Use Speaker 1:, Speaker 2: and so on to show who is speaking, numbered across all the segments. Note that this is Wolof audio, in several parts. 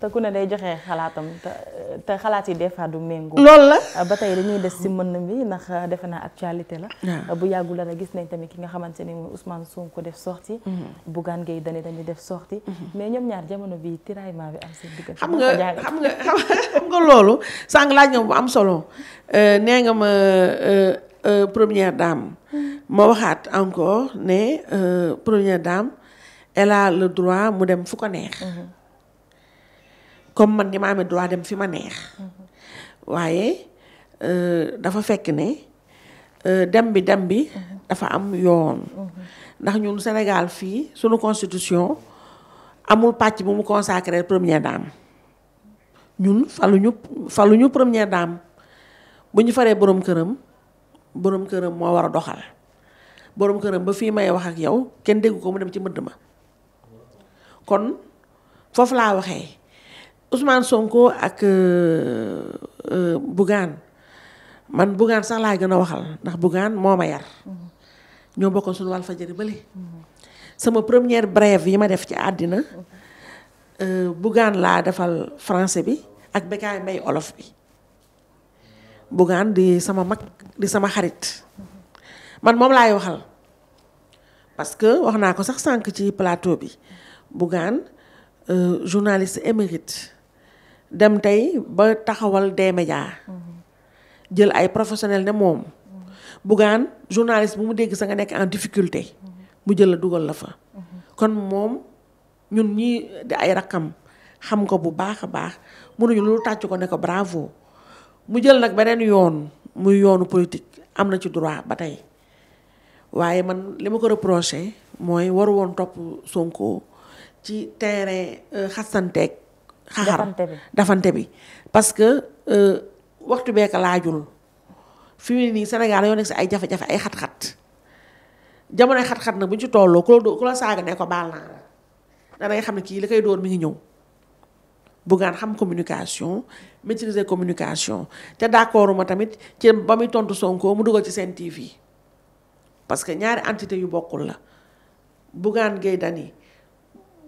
Speaker 1: te ku ne day joxee xalaatam te xalaat yi des fois du méngoo. loolu la ah, ba tey dañuy def si mën bi ndax ah, defe naa actualité la. Ah. bu yàggul la gis nañ tamit ki nga xamante ni mooy Ousmane Sonko def sortie. Mm-hmm. Bougane Gueye Dany tamit def sortie. Mm-hmm. mais ñoom ñaar jamono bi tiraillement bi am seen diggante. xam nga xam nga xam nga loolu
Speaker 2: sànq laaj bu am solo euh, nee nga ma euh, euh, première dame. Mm-hmm. ma waxaat encore ne première dame elle a droit mu dem fu ko neex. comme man ni ma amee droit dem fi ma neex waaye euh, dafa fekk ne euh, dem bi dem bi dafa am yoon ndax ñun Sénégal fii sunu constitution amul pàcc bu mu consacré première dame ñun faluñu faluñu première dame bu ñu faree boroom këram boroom këram moo war a doxal boroom këram ba fii may wax ak yow kenn dégg ko mu dem ci mbëdd ma kon foofu laa waxee Ousmane Sonko ak euh, euh, Bougane man Bougane sax laa gën a waxal ndax Bougane moo ma yar. ñoo bokkoon suñu Walfadjri bële. sama première brève yi ma def ci àddina euh, Bougane laa defal français bi ak Bécaye Mbaye olof bi Bougane di sama mag di sama xarit man moom laay waxal parce que wax naa ko sax sànq ci plateau bi Bougane journaliste émérite. dem tey ba taxawal D-Media mm-hmm. jël ay professionnel ne moom mm-hmm. Bougane journaliste bu mu dégg sa nga nekk en difficulté mm-hmm. mu jël la dugal la fa kon moom ñun ñi di ay rakam xam ko bu baax a baax mu loolu tàcc ko ne ko bravo mu jël nag beneen yoon muy yoonu politique am na ci droit ba tey waaye man li ma ko reproché mooy waru woon topp Sonko ci terrain euh, xasanteeg xaxar dafante bi parce que euh, waxtu bee ko laajul fi mu ne nii Sénégal yoo nekk si ay jafe ay xat-xat jamonoy xat-xat na bu ñu ci tolloo ku la saaga ne ko baal naa la dangay xam ne kii li kay door mi ngi ñëw buggaan xam communication maîtriser communication te d'accord ma tamit ci ba muy tontu Sonko mu dugal ci seen TV parce que ñaari entité yu bokkul la buggaan gay dani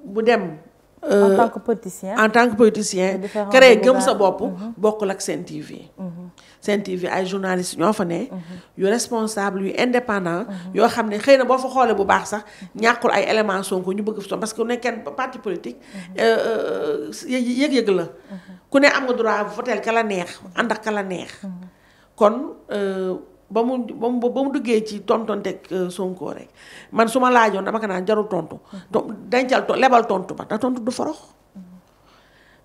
Speaker 2: bu dem Euh, en tant que politicien en tant que politicien créé gëm sa bopp mhm. bokkul ak Sen TV mhm. Sen TV ay journalistes ñoo fa ne mhm. yu responsable yu indépendant yoo xam ne xëy na boo fa xoolee bu baax sax ñàkkul ay éléments Sonko ñu bëgg fi parce que ku ne kenn parti politique euh, euh, yëg-yëg la ku ne am nga droit voter ka la neex ànd ak ka la neex kon ba mu ba mu ba mu duggee ci tontonteeg euh, Sonko rek man su ma laajoon dama ko naan jarul tontu. dencal lebal tontu ba da tontu du forox.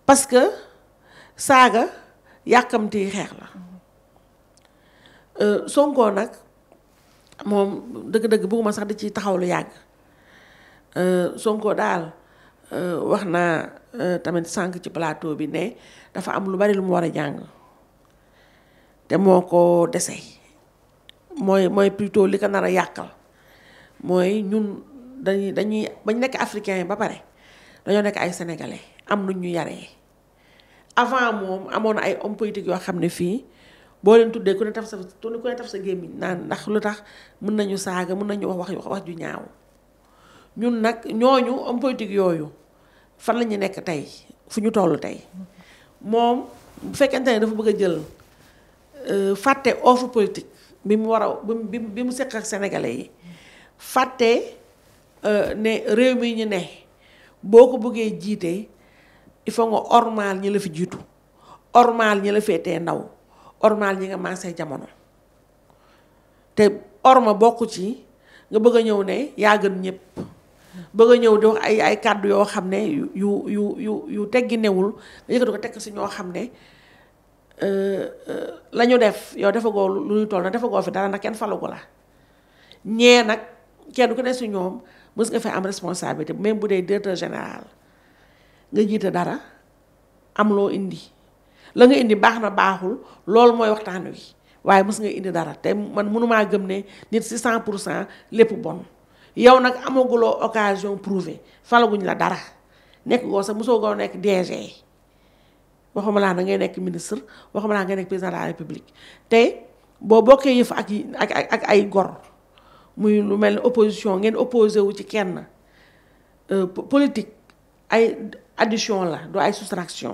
Speaker 2: parce que saaga yàkkamti xeex la. Euh, Sonko nag moom dëgg-dëgg bëgguma sax di ci taxaw lu yàgg. Euh, Sonko daal wax naa tamit sànq ci plateau bi ne dafa am lu bari lu mu war a jàng te moo ko desee mooy mooy plutôt li ko nar a yàqal mooy ñun dañuy dañuy bañ nekk africain ba pare dañoo nekk ay sénégalais am nu ñu yaree avant moom amoon na ay hommes yoo xam ne fii boo leen tuddee ku ne taf sa ku ne taf sa gémmiñ naan ndax lu tax mun nañu saaga mun nañu wax wax wax ju ñaaw ñun nag ñooñu hommes yooyu fan la ñu nekk tey fu ñu toll tey moom bu fekkente ne dafa bëgg a jël euh, fàtte offre politique. bi mu war a bi bi mu seq ak sénégalais yi fàtte euh, ne réew mi ñu ne boo ko bëggee jiite il faut nga ormaal ñi la fi jiitu ormaal ñi la féetee ndaw ormaal ñi nga maasee jamono te orma bokk ci nga bëgg a ñëw ne yaa gën ñëpp bëgg a ñëw di ay ay kàddu yoo xam ne yu yu yu yu teggi newul nga yëkkati ko tekk si ñoo xam ne Euh, euh, la ñu def yow defagoo lu ñu toll na defagoo fi dara na kenn falagu la ñee nag kenn ko ne si ñoom mës nga fi am responsabilité même bu dee directeur général nga jiite dara am loo indi la nga indi baax na baaxul loolu mooy waxtaan wi waaye mës nga indi dara te man mënumaa gëm ne nit si cent pour cent lépp bon yow nag amaguloo occasion prouvé falaguñ la dara nekk goo sax mosoo goo nekk DG waxuma laa na ngay nekk ministre waxuma laa ngay nekk président de la république tey boo bokkee yëf ak ak ak ay gor muy lu mel ni opposition ngeen opposé wu ci kenn euh, politique ay addition la du ay soustraction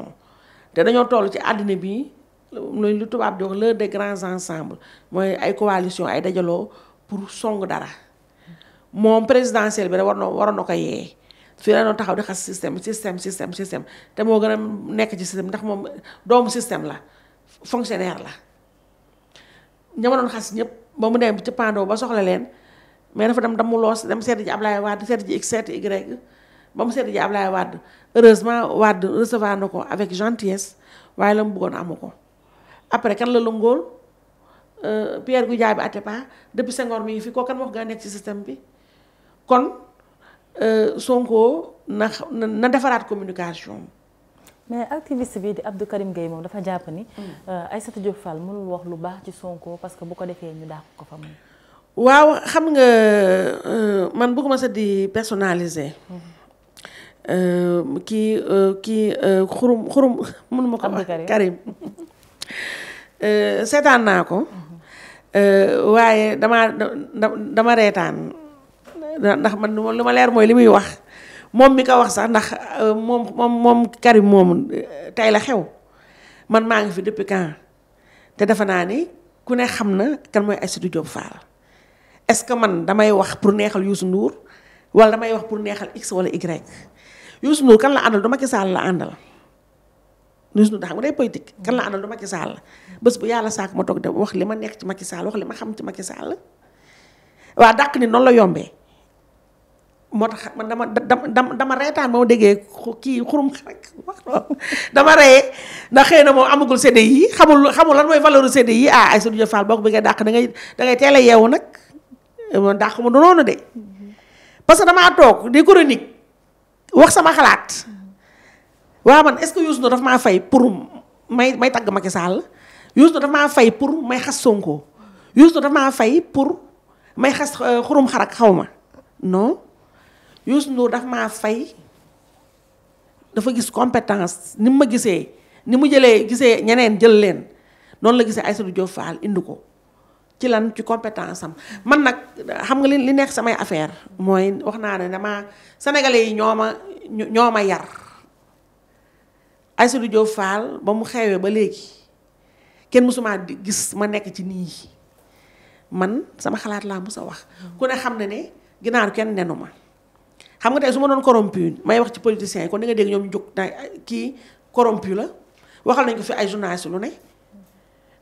Speaker 2: te dañoo toll ci àddina bi loolu lu tubaab di wax l'heure des grands ensembles mooy ay coalition ay dajaloo pour song dara moom présidentiel bi da war na waroon na ko yee fii la doon taxaw di xas système système système système te moo gën a nekk ci système ndax moom doomu système la fonctionnaire la ña ma doon xas ñëpp ba mu dem ci pando ba soxla leen mais dafa dem damu loos dem seeti ji Ablaye Wade seeti ji X seeti Y ba mu seeti ji Ablaye Wade heureusement Wade recevoir na ko avec gentillesse waaye la mu buggoon amu ko après kan la lu lëngool euh, Pierre Goudiaby Atepa depuis Senghor mi ngi fi koo kan wax gaa nekk ci système bi Euh, Sonko na na defaraat communication.
Speaker 1: mais activiste bii di Abdou Karim Gueye moom dafa jàpp ni. Euh, Aïssatou Diop Fall mënul wax lu baax ci Sonko parce que bu ko defee ñu dàq ko fa moom.
Speaker 2: waaw xam nga euh, man bëgguma sax di personnaliser. kii kii xurum xurum mënuma ko wax Karim seetaan naa ko. Mhm. waaye damaa dama reetaan ndax man lu ma leer mooy li muy wax moom mi ko wax sax ndax euh, moom moom kari Karim moom euh, tey la xew man maa ngi fi depuis quand te defe naa ni ku ne xam na kan mooy Aïssatou Diop Fall est-ce que man damay wax pour neexal Youssou Ndour wala damay wax pour neexal x wala y Youssou Ndour kan la àndal du Macky Sall la àndal Youssou Ndour xam nga day politique kan la àndal du Macky la bés bu yàlla saako ma toog de wax li ma neex ci Macky Sall wax li ma xam ci Macky Sall waa dàq ni noonu la yombee. moo tax man dama dama dama reetaan ba ma déggee kii xurum rek dama ree ndax xëy na moom amagul CD yii xamul xamul lan mooy valeur CD yi ah Aïssatou Diop Fall bokk bi nga dàq da ngay da ngay teel a yeewu nag man dàq ma du noonu de parce que damaa toog di chronique wax sama xalaat waaw man est-ce que Youssou Ndour daf maa fay pour may may tagg Macky Sall Youssou Ndour fay pour may xas Sonko Youssou Ndour daf maa fay pour may xas euh, xurum xarak xaw ma non. Youssou Ndour dafa ma fay dafa gis compétence ni ma gisee ni mu jëlee gisee ñeneen jël leen noonu la gisee Aïssatou Diop Fall indi ko ci lan ci compétence am man nag xam nga li li nekk samay affaire mooy wax naa ne damaa sénégalais yi ñoo ma ñoo ma yar Aïssatou Diop Fall ba mu xewee ba léegi kenn mësuma gis ma nekk ci nii man sama xalaat laa mës a wax ku ne xam ne ne ginaaru kenn nenu ma xam nga tey su ma doon corrompu may wax ci politiciens yi kon da nga dégg ñoom ñu jóg kii corrompu la waxal nañ ko fi ay journaliste lu ne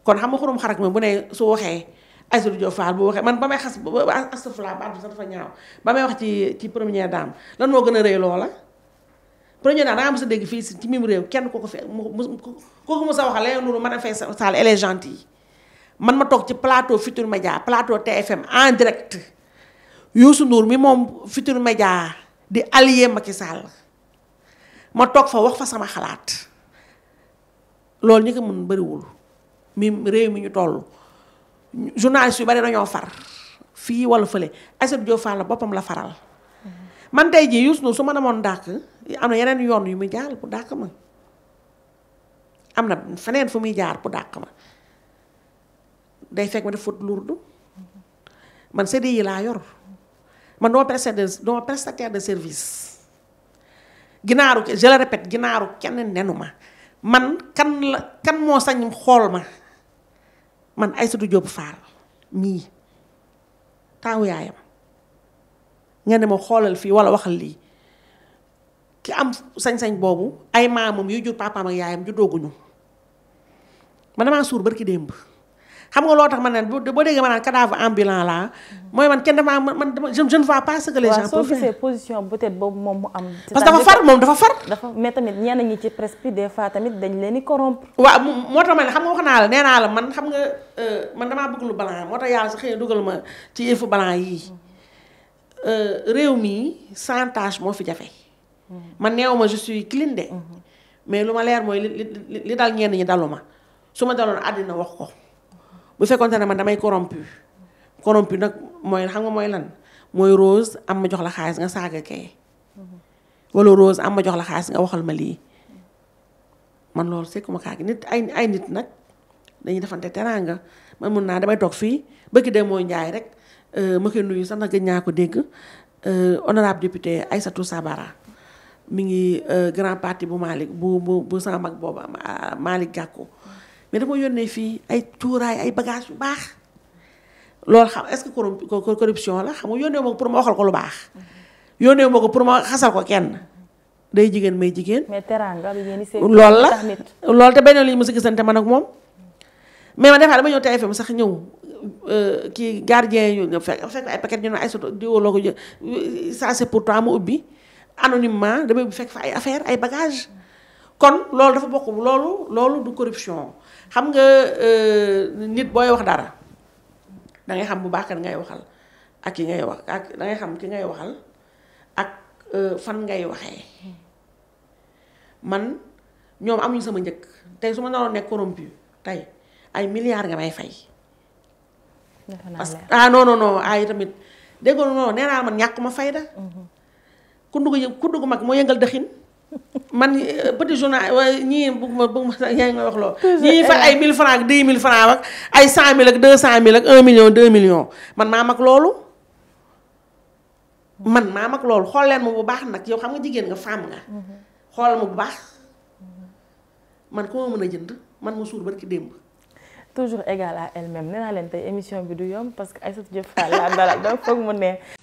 Speaker 2: kon xam ma xurum xarak ma bu ne su waxee Aïssatou Diop Fall bu waxee man ba may xas ba astafurlah baat bi sax dafa ñaaw may wax ci ci première dame lan moo gën a rëy loola. première dame da nga sa dégg fii ci mim réew kenn ko ko fi mu kooku mës sa waxal leneen loolu mën a fay saal elle est gentille man ma toog ci plateau Futur Média plateau TFM en direct Youssou Ndour mi moom Futur Média. di allié Macky Sall ma toog fa wax fa sama xalaat loolu ñu ko mën bariwul mi réew mi ñu toll journaliste yu bari dañoo far fii wala fële Aïssatou Diop Fall la boppam la faral man tey jii Youssou Ndour su ma demoon dàq am na yeneen yoon yu muy jaar bu dàq ma am na feneen fu muy jaar bu dàq ma day fekk ma def faute lourde man CD yi laa yor man dama prestataire dama prestataire de service ginaaru je ginaaru kenn nenu ma man kan la kan moo sañ xool ma man Aïssatou Diop Fall mii taawu yaayam nga ne ma xoolal fii walla waxal lii ki am sañ-sañ boobu ay maamam yu jur papaam ak yaayam ju dooguñu man damaa suur barki démb xam nga loo tax man naan boo déggee ma naan cadavre ambulant laa mooy man kenn dama man je ne vois pas ce que les gens peuvent faire.
Speaker 1: soo position peut-être boobu moom mu am. parce que dafa far moom dafa far. dafa mais tamit ñenn ñi ci presse bi des tamit dañ leen di corrompre.
Speaker 2: waaw moo tax ma ne xam nga wax naa la nee la man xam nga euh, man damaa bëgg lu balan moo tax yàlla sa xëy dugal ma ci yëfu balan yii euh, réew mi chantage moo fi jafe. man neew ma je suis clean de mhm. mais lu ma leer mooy li li dal ñenn ñi daluma su ma daloon àddina wax ko. bu fekkoonte ne man damay corrompu corrompu nag mooy xam nga mooy lan mooy rose am ma jox la xaalis nga saaga kay wala rose am ma jox la xaalis nga waxal ma lii man loolu sekkuma kaa gi nit ay ay nit nag dañuy defante teraanga man mun naa damay toog fii bëgg de mooy njaay rek euh, ma koy nuyu sax nag gëj naa ko dégg euh, honorable député Aïssatou Sabara mi ngi euh, grand parti bu Malick bu bu bu sama mag boobu Malick Gakou mais dama yónnee fii ay cuuraay ay bagage yu baax loolu xam est-ce que corruption la xam nga yónnee ma ko pour ma waxal ko lu baax mm-hmm. yónnee ma ko pour ma xasal ko kenn day jigéen may jigéen.
Speaker 1: mais teraanga bi ngeen loolu la
Speaker 2: loolu te benn li ma si gisante man ak moom mais ma defaat dama ñëw TFM sax ñëw euh, kii gardien yu nga fekk fekk ay paquet ñu ne ay soto diwloo ko jël ça c'est pourtant mu ubbi anonymement damay fekk fa ay affaire ay bagage kon loolu dafa bokk loolu loolu du corruption xam nga euh, nit booy wax dara da xam bu baax kan ngay waxal ak ki ngay wax ak dangay xam ki ngay waxal ak euh, fan ngay waxee man ñoom am amuñu sama njëkk tey su ma naroon nekk corrompu tey ay milliards nga may fay. parce que ah noo non non ay tamit dégg man ñàkk ma fayda. Mm-hmm. ku ndugg ku ndugg mag moo yëngal dëxin. man euh, petit journal ñii bëgg ma bëgg ma yaa ngi may wax loolu. ñii fa eh. ay mille francs ak 10 000 francs ak ay 100 000 ak 200 000 ak 1 million 2 million man maa mag loolu. man maa mag loolu xool leen ma bu baax nag yow xam nga jigéen nga femme nga. Mhm. xoolal ma bu baax. man ku mën a jënd
Speaker 1: man ma suur barki démb. toujours égale à elle-même nee naa leen tey émission bi du yomb parce que Aïssatou Diop Fall laa dalal donc foog mu neex.